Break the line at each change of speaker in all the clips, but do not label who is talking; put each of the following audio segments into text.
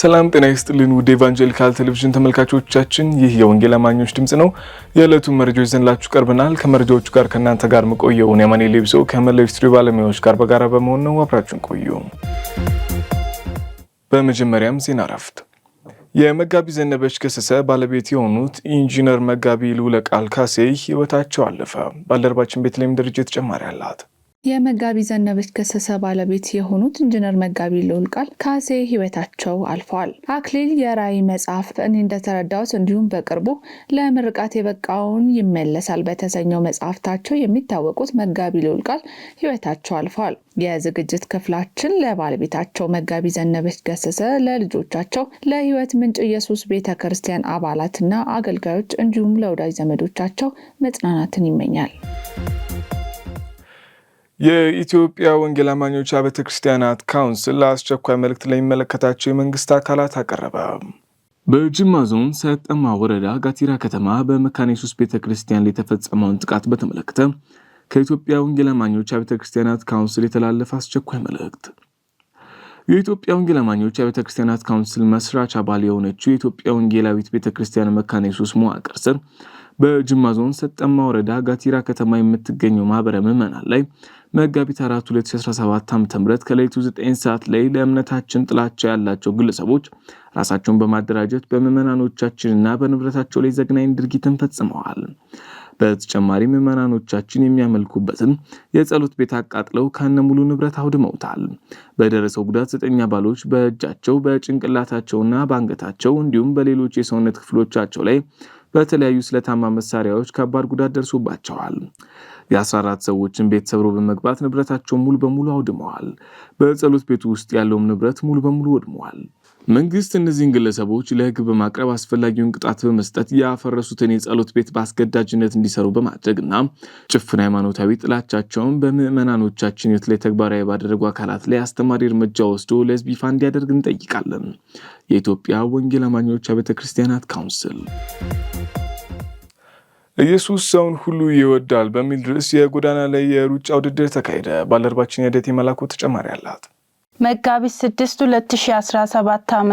ሰላም ጤና ይስጥልን ውድ ኤቫንጀሊካል ቴሌቪዥን ተመልካቾቻችን፣ ይህ የወንጌል አማኞች ድምጽ ነው። የዕለቱን መረጃዎች ዘንላችሁ ቀርበናል። ከመረጃዎቹ ጋር ከእናንተ ጋር መቆየውን የማኔ ሌብሶ ከመላው ስቱዲዮ ባለሙያዎች ጋር በጋራ በመሆን ነው። አብራችሁን ቆዩ። በመጀመሪያም ዜና እረፍት። የመጋቢ ዘነበች ገሰሰ ባለቤት የሆኑት ኢንጂነር መጋቢ ልዑለ ቃል ካሴ ህይወታቸው አለፈ። ባልደረባችን ቤተልሔም ድርጅት ተጨማሪ አላት።
የመጋቢ ዘነበች ገሰሰ ባለቤት የሆኑት ኢንጂነር መጋቢ ልዑል ቃል ካሴ ህይወታቸው አልፈዋል። አክሊል የራይ መጽሐፍ እኔ እንደተረዳሁት እንዲሁም በቅርቡ ለምርቃት የበቃውን ይመለሳል በተሰኘው መጽሐፍታቸው የሚታወቁት መጋቢ ልዑል ቃል ህይወታቸው አልፈዋል። የዝግጅት ክፍላችን ለባለቤታቸው መጋቢ ዘነበች ገሰሰ፣ ለልጆቻቸው፣ ለህይወት ምንጭ ኢየሱስ ቤተ ክርስቲያን አባላትና አገልጋዮች እንዲሁም ለወዳጅ ዘመዶቻቸው መጽናናትን ይመኛል።
የኢትዮጵያ ወንጌል አማኞች አብያተ ክርስቲያናት ካውንስል ለአስቸኳይ መልእክት ለሚመለከታቸው የመንግስት አካላት አቀረበ። በጅማ ዞን ሰጠማ ወረዳ ጋቲራ ከተማ በመካነ ኢየሱስ ቤተ ክርስቲያን ላይ የተፈጸመውን ጥቃት በተመለከተ ከኢትዮጵያ ወንጌል አማኞች አብያተ ክርስቲያናት ካውንስል የተላለፈ አስቸኳይ መልእክት። የኢትዮጵያ ወንጌል አማኞች አብያተ ክርስቲያናት ካውንስል መስራች አባል የሆነችው የኢትዮጵያ ወንጌላዊት ቤተ ክርስቲያን መካነ ኢየሱስ መዋቅር ስር በጅማ ዞን ሰጠማ ወረዳ ጋቲራ ከተማ የምትገኘው ማህበረ ምዕመናን ላይ መጋቢት 4 2017 ዓ.ም ከሌሊቱ 9 ሰዓት ላይ ለእምነታችን ጥላቻ ያላቸው ግለሰቦች ራሳቸውን በማደራጀት በምዕመናኖቻችንና በንብረታቸው ላይ ዘግናኝ ድርጊትን ፈጽመዋል። በተጨማሪ ምዕመናኖቻችን የሚያመልኩበትን የጸሎት ቤት አቃጥለው ከነ ሙሉ ንብረት አውድመውታል። በደረሰው ጉዳት ዘጠኝ አባሎች በእጃቸው በጭንቅላታቸውና በአንገታቸው እንዲሁም በሌሎች የሰውነት ክፍሎቻቸው ላይ በተለያዩ ስለታማ መሳሪያዎች ከባድ ጉዳት ደርሶባቸዋል። የ14 ሰዎችን ቤት ሰብሮ በመግባት ንብረታቸውን ሙሉ በሙሉ አውድመዋል። በጸሎት ቤቱ ውስጥ ያለውም ንብረት ሙሉ በሙሉ ወድመዋል። መንግስት እነዚህን ግለሰቦች ለህግ በማቅረብ አስፈላጊውን ቅጣት በመስጠት ያፈረሱትን የጸሎት ቤት በአስገዳጅነት እንዲሰሩ እና ጭፍን ሃይማኖታዊ ጥላቻቸውን በምዕመናኖቻችን ህይወት ላይ ተግባራዊ ባደረጉ አካላት ላይ አስተማሪ እርምጃ ወስዶ ለህዝብ ይፋ እንዲያደርግ እንጠይቃለን። የኢትዮጵያ ወንጌል አማኞች ቤተ ክርስቲያናት ካውንስል ኢየሱስ ሰውን ሁሉ ይወዳል በሚል ርዕስ የጎዳና ላይ የሩጫ ውድድር ተካሄደ። ባልደረባችን የደት መላኩ ተጨማሪ አላት።
መጋቢት 6 2017 ዓ ም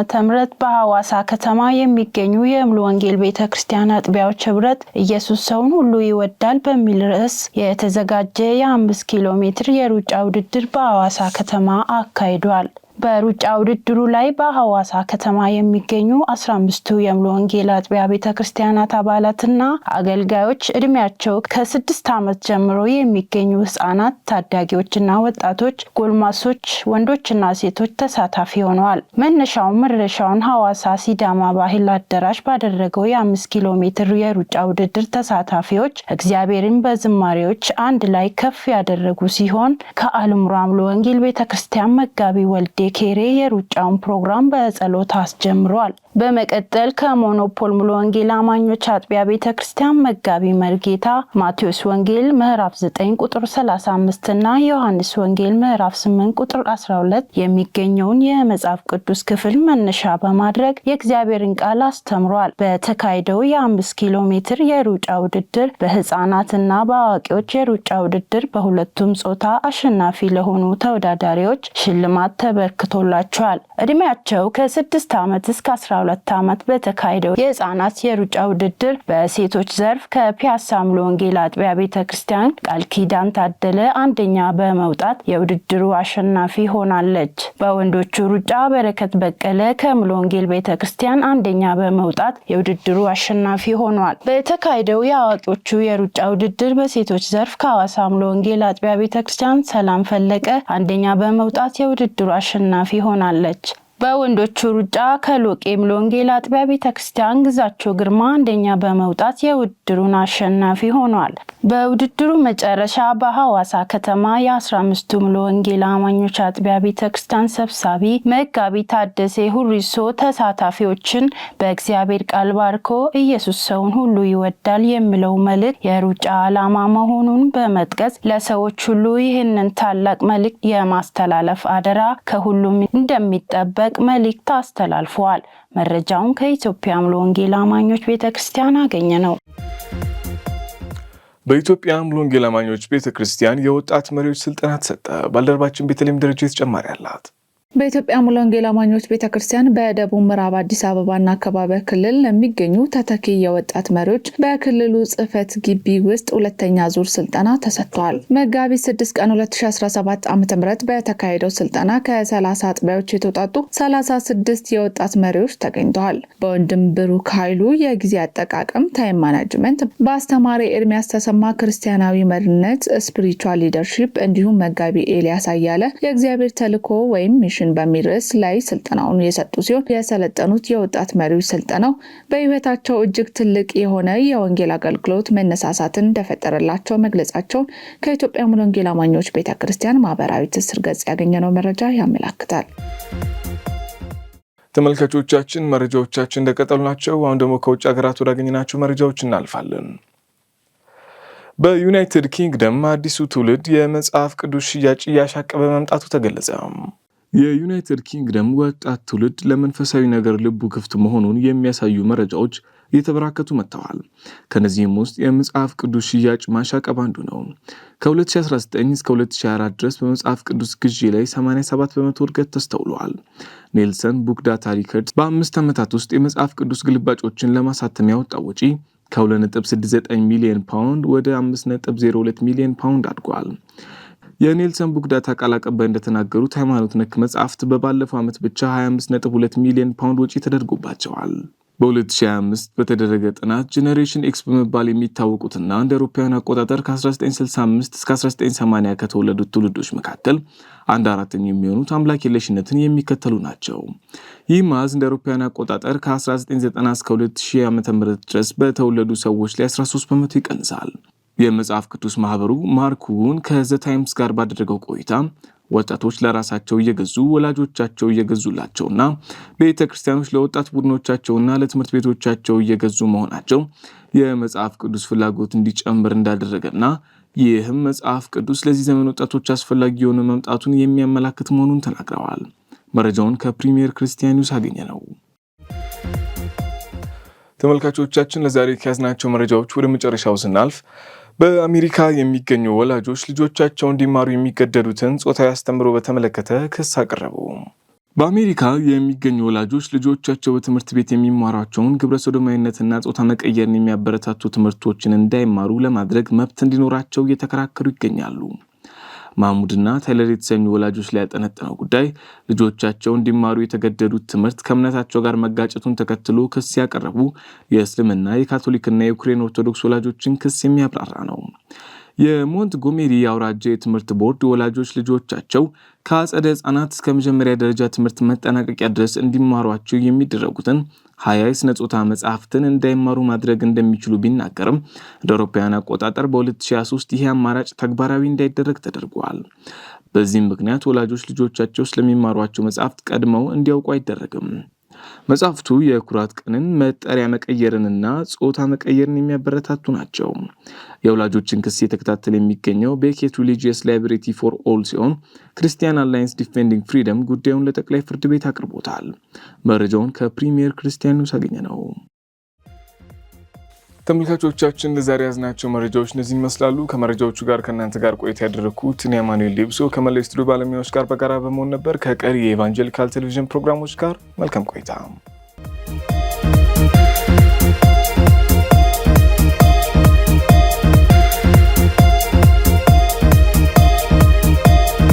በሐዋሳ ከተማ የሚገኙ የሙሉ ወንጌል ቤተ ክርስቲያን አጥቢያዎች ህብረት ኢየሱስ ሰውን ሁሉ ይወዳል በሚል ርዕስ የተዘጋጀ የ5 ኪሎ ሜትር የሩጫ ውድድር በሐዋሳ ከተማ አካሂዷል። በሩጫ ውድድሩ ላይ በሐዋሳ ከተማ የሚገኙ አስራ አምስቱ የሙሉ ወንጌል አጥቢያ ቤተ ክርስቲያናት አባላትና አገልጋዮች እድሜያቸው ከስድስት ዓመት ጀምሮ የሚገኙ ህጻናት፣ ታዳጊዎችና ወጣቶች፣ ጎልማሶች፣ ወንዶችና ሴቶች ተሳታፊ ሆነዋል። መነሻውን መድረሻውን ሐዋሳ ሲዳማ ባህል አዳራሽ ባደረገው የአምስት ኪሎ ሜትር የሩጫ ውድድር ተሳታፊዎች እግዚአብሔርን በዝማሬዎች አንድ ላይ ከፍ ያደረጉ ሲሆን ከአልምሮ አምሎ ወንጌል ቤተ ክርስቲያን መጋቢ ወልዴ ኬሬ የሩጫውን ፕሮግራም በጸሎት አስጀምሯል። በመቀጠል ከሞኖፖል ሙሉ ወንጌል አማኞች አጥቢያ ቤተ ክርስቲያን መጋቢ መርጌታ ማቴዎስ ወንጌል ምዕራፍ 9 ቁጥር 35 እና ዮሐንስ ወንጌል ምዕራፍ 8 ቁጥር 12 የሚገኘውን የመጽሐፍ ቅዱስ ክፍል መነሻ በማድረግ የእግዚአብሔርን ቃል አስተምሯል። በተካሄደው የአምስት ኪሎ ሜትር የሩጫ ውድድር በህፃናትና በአዋቂዎች የሩጫ ውድድር በሁለቱም ጾታ አሸናፊ ለሆኑ ተወዳዳሪዎች ሽልማት ተበር ተለክቶላቸዋል። እድሜያቸው ከስድስት ዓመት እስከ 12 ዓመት በተካሄደው የህፃናት የሩጫ ውድድር በሴቶች ዘርፍ ከፒያሳ ሙሉ ወንጌል አጥቢያ ቤተ ክርስቲያን ቃል ኪዳን ታደለ አንደኛ በመውጣት የውድድሩ አሸናፊ ሆናለች። በወንዶቹ ሩጫ በረከት በቀለ ከሙሉ ወንጌል ቤተ ክርስቲያን አንደኛ በመውጣት የውድድሩ አሸናፊ ሆኗል። በተካሄደው የአዋቂዎቹ የሩጫ ውድድር በሴቶች ዘርፍ ከአዋሳ ሙሉ ወንጌል አጥቢያ ቤተ ክርስቲያን ሰላም ፈለቀ አንደኛ በመውጣት የውድድሩ አሸናፊ አሸናፊ ሆናለች። በወንዶቹ ሩጫ ከሎቄም ሎንጌል አጥቢያ ቤተ ክርስቲያን ግዛቸው ግርማ አንደኛ በመውጣት የውድድሩን አሸናፊ ሆኗል። በውድድሩ መጨረሻ በሐዋሳ ከተማ የ15ቱም አማኞች አጥቢያ ቤተ ክርስቲያን ሰብሳቢ መጋቢ ታደሴ ሁሪሶ ተሳታፊዎችን በእግዚአብሔር ቃል ባርኮ ኢየሱስ ሰውን ሁሉ ይወዳል የሚለው መልእክት የሩጫ ዓላማ መሆኑን በመጥቀስ ለሰዎች ሁሉ ይህንን ታላቅ መልእክት የማስተላለፍ አደራ ከሁሉም እንደሚጠበቅ እንድንጠብቅ መልእክት አስተላልፈዋል። መረጃውን ከኢትዮጵያ አምሎ ወንጌል አማኞች ቤተ ክርስቲያን አገኘ ነው።
በኢትዮጵያ አምሎ ወንጌል አማኞች ቤተ ክርስቲያን የወጣት መሪዎች ስልጠና ተሰጠ። ባልደረባችን ቤተልሔም ደረጃ ተጨማሪ አላት።
በኢትዮጵያ ሙሉ ወንጌል አማኞች ቤተ ክርስቲያን በደቡብ ምዕራብ አዲስ አበባና አካባቢያ ክልል ለሚገኙ ተተኪ የወጣት መሪዎች በክልሉ ጽህፈት ግቢ ውስጥ ሁለተኛ ዙር ስልጠና ተሰጥተዋል። መጋቢት 6 ቀን 2017 ዓ.ም በተካሄደው ስልጠና ከ30 አጥቢያዎች የተውጣጡ 36 የወጣት መሪዎች ተገኝተዋል። በወንድም ብሩክ ኃይሉ የጊዜ አጠቃቀም ታይም ማናጅመንት፣ በአስተማሪ ኤርሚያስ ተሰማ ክርስቲያናዊ መሪነት ስፒሪቹዋል ሊደርሺፕ እንዲሁም መጋቢ ኤልያስ አያለ የእግዚአብሔር ተልኮ ወይም ሚሽን ፋሽን በሚል ርዕስ ላይ ስልጠናውን የሰጡ ሲሆን የሰለጠኑት የወጣት መሪዎች ስልጠናው በህይወታቸው እጅግ ትልቅ የሆነ የወንጌል አገልግሎት መነሳሳትን እንደፈጠረላቸው መግለጻቸውን ከኢትዮጵያ ሙሉ ወንጌል አማኞች ቤተ ክርስቲያን ማህበራዊ ትስስር ገጽ ያገኘነው መረጃ ያመላክታል።
ተመልካቾቻችን መረጃዎቻችን እንደቀጠሉ ናቸው። አሁን ደግሞ ከውጭ ሀገራት ወዳገኘናቸው መረጃዎች እናልፋለን። በዩናይትድ ኪንግደም አዲሱ ትውልድ የመጽሐፍ ቅዱስ ሽያጭ እያሻቀበ መምጣቱ ተገለጸ። የዩናይትድ ኪንግደም ወጣት ትውልድ ለመንፈሳዊ ነገር ልቡ ክፍት መሆኑን የሚያሳዩ መረጃዎች እየተበራከቱ መጥተዋል። ከነዚህም ውስጥ የመጽሐፍ ቅዱስ ሽያጭ ማሻቀብ አንዱ ነው። ከ2019 እስከ 2024 ድረስ በመጽሐፍ ቅዱስ ግዢ ላይ 87 በመቶ እድገት ተስተውሏል። ኔልሰን ቡክዳታ ሪከርድ በአምስት ዓመታት ውስጥ የመጽሐፍ ቅዱስ ግልባጮችን ለማሳተም ያወጣው ወጪ ከ2.69 ሚሊዮን ፓውንድ ወደ 5.02 ሚሊዮን ፓውንድ አድጓል። የኔልሰን ቡግዳ ቃል አቀባይ እንደተናገሩት ሃይማኖት ነክ መጽሐፍት በባለፈው ዓመት ብቻ 25.2 ሚሊዮን ፓውንድ ወጪ ተደርጎባቸዋል። በ2025 በተደረገ ጥናት ጄኔሬሽን ኤክስ በመባል የሚታወቁትና እንደ አውሮፓውያን አቆጣጠር ከ1965 እስከ 1980 ከተወለዱት ትውልዶች መካከል አንድ አራተኛ የሚሆኑት አምላክ የለሽነትን የሚከተሉ ናቸው። ይህ ማዝ እንደ አውሮፓውያን አቆጣጠር ከ1990 እስከ 2000 ዓ ም ድረስ በተወለዱ ሰዎች ላይ 13 በመቶ ይቀንሳል። የመጽሐፍ ቅዱስ ማህበሩ ማርኩን ከዘ ታይምስ ጋር ባደረገው ቆይታ ወጣቶች ለራሳቸው እየገዙ ወላጆቻቸው እየገዙላቸውና ቤተ ክርስቲያኖች ለወጣት ቡድኖቻቸውና ለትምህርት ቤቶቻቸው እየገዙ መሆናቸው የመጽሐፍ ቅዱስ ፍላጎት እንዲጨምር እንዳደረገና ይህም መጽሐፍ ቅዱስ ለዚህ ዘመን ወጣቶች አስፈላጊ የሆነ መምጣቱን የሚያመላክት መሆኑን ተናግረዋል። መረጃውን ከፕሪሚየር ክርስቲያን ኒውስ አገኘ ነው። ተመልካቾቻችን ለዛሬ ከያዝናቸው መረጃዎች ወደ መጨረሻው ስናልፍ በአሜሪካ የሚገኙ ወላጆች ልጆቻቸው እንዲማሩ የሚገደዱትን ጾታዊ አስተምህሮ በተመለከተ ክስ አቀረቡ። በአሜሪካ የሚገኙ ወላጆች ልጆቻቸው በትምህርት ቤት የሚማሯቸውን ግብረ ሶዶማዊነትና ጾታ መቀየርን የሚያበረታቱ ትምህርቶችን እንዳይማሩ ለማድረግ መብት እንዲኖራቸው እየተከራከሩ ይገኛሉ። ማሙድና ተለር የተሰኙ ወላጆች ላይ ያጠነጠነው ጉዳይ ልጆቻቸው እንዲማሩ የተገደዱት ትምህርት ከእምነታቸው ጋር መጋጨቱን ተከትሎ ክስ ያቀረቡ የእስልምና የካቶሊክና የዩክሬን ኦርቶዶክስ ወላጆችን ክስ የሚያብራራ ነው። የሞንትጎሜሪ አውራጃ የትምህርት ቦርድ ወላጆች ልጆቻቸው ከአጸደ ህጻናት እስከ መጀመሪያ ደረጃ ትምህርት መጠናቀቂያ ድረስ እንዲማሯቸው የሚደረጉትን ሀያ የስነ ጾታ መጽሐፍትን እንዳይማሩ ማድረግ እንደሚችሉ ቢናገርም እንደ አውሮፓውያን አቆጣጠር በ2023 ይህ አማራጭ ተግባራዊ እንዳይደረግ ተደርጓል። በዚህም ምክንያት ወላጆች ልጆቻቸው ስለሚማሯቸው መጽሐፍት ቀድመው እንዲያውቁ አይደረግም። መጽሐፍቱ የኩራት ቀንን መጠሪያ መቀየርንና ጾታ መቀየርን የሚያበረታቱ ናቸው። የወላጆችን ክስ የተከታተለ የሚገኘው ቤኬት ሪሊጂየስ ላይብሬቲ ፎር ኦል ሲሆን ክርስቲያን አላይንስ ዲፌንዲንግ ፍሪደም ጉዳዩን ለጠቅላይ ፍርድ ቤት አቅርቦታል። መረጃውን ከፕሪሚየር ክርስቲያን ኒውስ አገኘ ነው። ተመልካቾቻችን ለዛሬ ያዝናቸው መረጃዎች እነዚህ ይመስላሉ። ከመረጃዎቹ ጋር ከእናንተ ጋር ቆይታ ያደረግኩት እኔ አማኑኤል ሌብሶ ከመላ ስቱዲዮ ባለሙያዎች ጋር በጋራ በመሆን ነበር። ከቀሪ የኤቫንጀሊካል ቴሌቪዥን ፕሮግራሞች ጋር መልካም ቆይታ